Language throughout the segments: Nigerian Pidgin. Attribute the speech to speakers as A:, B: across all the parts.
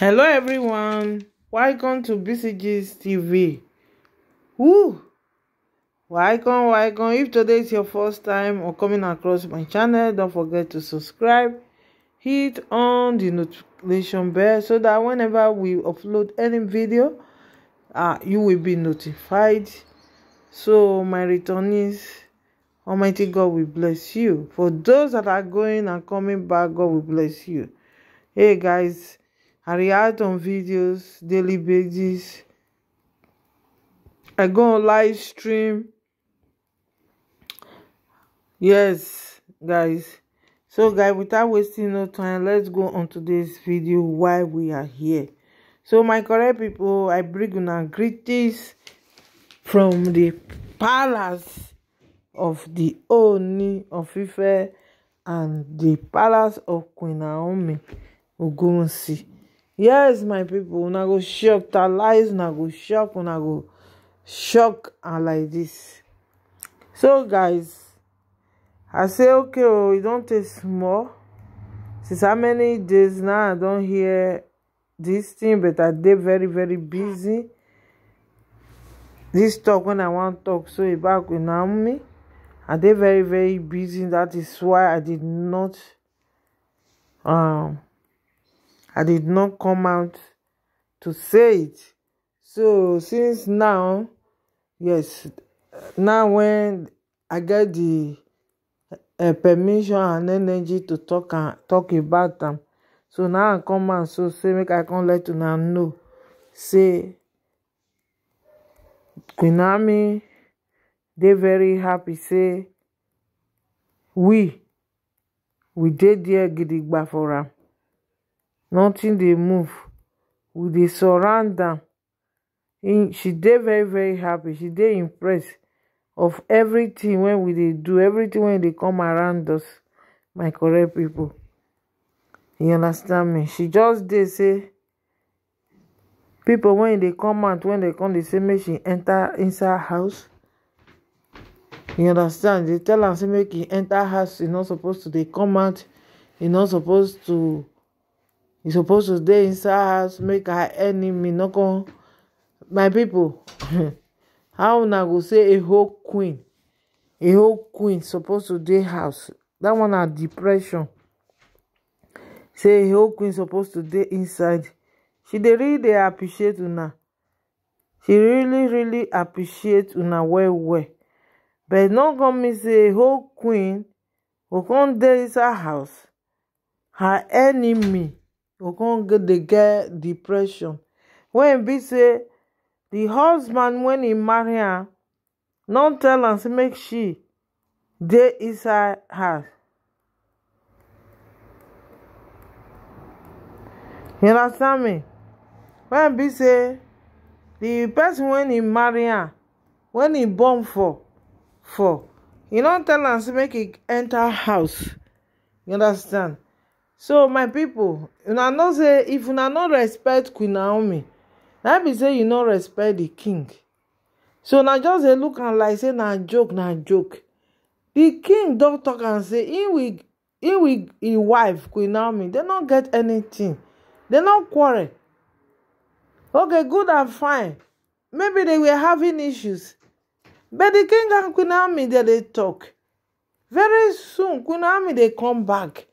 A: Hello everyone, welcome to BCG's TV. Woo! Welcome, welcome. If today is your first time or coming across my channel, don't forget to subscribe. Hit on the notification bell so that whenever we upload any video, uh, you will be notified. So my returnees, Almighty God will bless you. For those that are going and coming back, God will bless you. Hey guys, I react on videos daily basis. I go on live stream. Yes, guys. So, guys, without wasting no time, let's go on today's video why we are here. So, my correct people, I bring you una greetings from the palace of the Oni of Ife and the palace of Queen Naomi Ogunwusi. yes my When una go shock ta lies una go shock una go shock and ah, like this. so guys i say okay oh, don't taste small since how many days now i don't hear this thing but i dey very very busy This talk when i to talk so e back with naomi i dey very very busy that is why i did not um i did not come out to say it so since now yes now when i get the uh, permission and energy to talk uh, talk about them, so now i come out so say make i can let una know say queen they very happy say we we did the gidigba for am nothing dey move we dey surround am she dey very very happy she dey impressed of everything wey we dey do everything wey dey come around us my correct people. you understand me she just dey say people wey dey come out when they come dey say make she enter inside house you understand dey tell am say make e enter house e no suppose to dey come out e no suppose to you suppose to dey inside house make her enemy no come my pipo how una go say a whole queen a whole queen suppose to dey house That one na depression say a whole queen suppose to dey inside she dey really dey appreciate una she really really appreciate una well well but no come mean say a whole queen go come dey inside house her enemy go come dey get depression When be say the husband when he marry am don tell am say make she dey inside house you understand me When be say the person when he marry am when he born for for he don tell am say make he enter house you understand so my people, una know say if una no respect queen naomi na be say you no respect the king so na just dey look am like say na joke na joke The king don talk am say him with him wife queen naomi They no get anything. They no quarrel okay good and fine maybe they were having issues but the king and queen naomi dem dey tok very soon queen naomi dey come back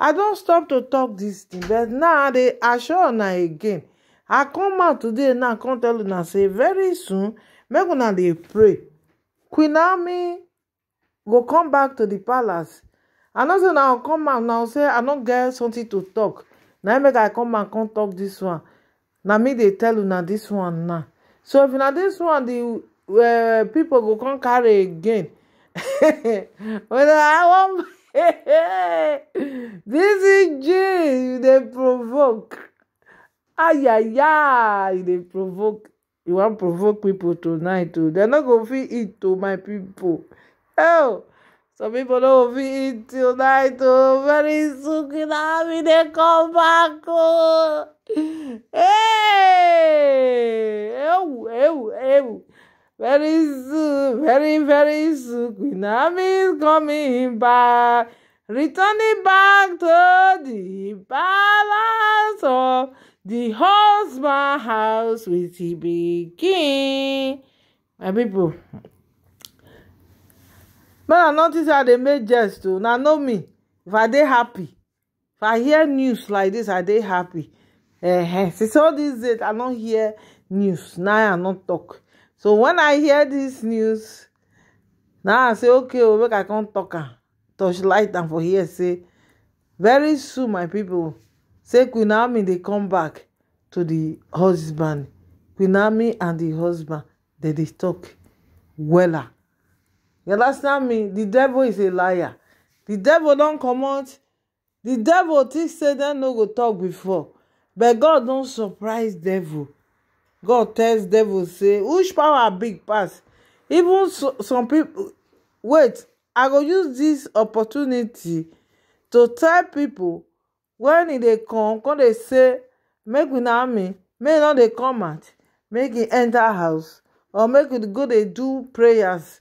A: i don't stop to talk this thing but now they assure now again i come out today now come tell you. Now say very soon make now they pray queen Ami go come back to the palace i know say na come out now say i no get something to talk. Now im make i come and come talk this one Now me they tell you now this one now so if now this one di eh, people go come carry again whether i want. This is Jane, They dey provoke. Ayaya, you They provoke. You wan provoke people tonight too? They're not go fit eat to my people. Oh, some people no go fit eat tonight o. Very soon, kidnapping dey come back Oh, Hey! oh, oh. ewu very soon very very soon Queen Naomi is coming back returning back to the palace of the husband house with the pikin my people make i notice say they made make jest o na know me if i dey happy if i hear news like this are they happy uh -huh. since all this date i don't hear news Now i don't talk so when i hear this news now i say okay o oh, make i come tok am torchlight am for here say very soon my people say queen naomi dey come back to the husband queen naomi and the husband dem dey talk. wella you understand me The devil is a liar The devil don comot The devil think say dem no go talk before but god don surprise devil god tell devil say which power big pass even so, some people wait i go use this opportunity to tell people when they e come come they say make we na me May e not they come at, make it e enter house or make it go They do prayers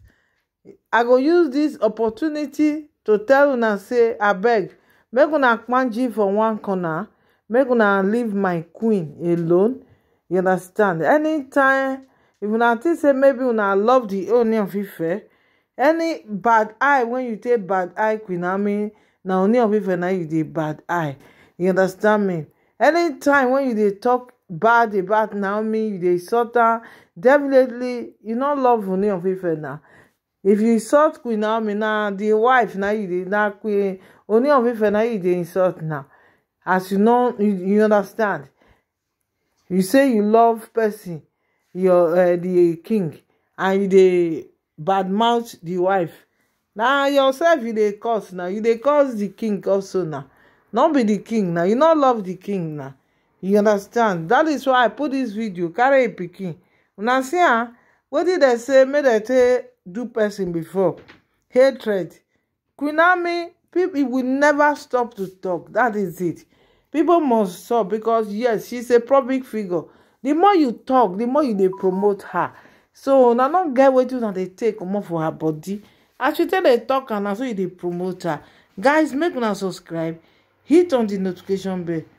A: i go use this opportunity to tell una say I beg, make una kpanji for one corner make una leave my queen alone You understand? Anytime, if una think say maybe I love the only of Ife, any bad eye, when you take bad eye, Queen Naomi, now only of Ife now you the bad eye. You understand me? Anytime when you dey talk bad about Naomi, you they insult her, definitely you not love only of Ife now. If you insult Queen Naomi now the wife now you dey not Queen only of Ife now you the insult now. As you know, you, you understand you say you love person your uh, the king and you bad badmouth the wife Now yourself you dey cause. Now you dey cause the king also now. Not be the king now. you not love the king now. you understand that is why i put this video carry a When I see ah, what did dem say Me that take do person before hatred Queen Naomi people will never stop to talk that is it people must stop because yes she's a public figure the more you talk the more you dey promote her so una no get wetin una dey take comot for her body as you take dey talk and na so you dey promote her guys make una subscribe hit on the notification bell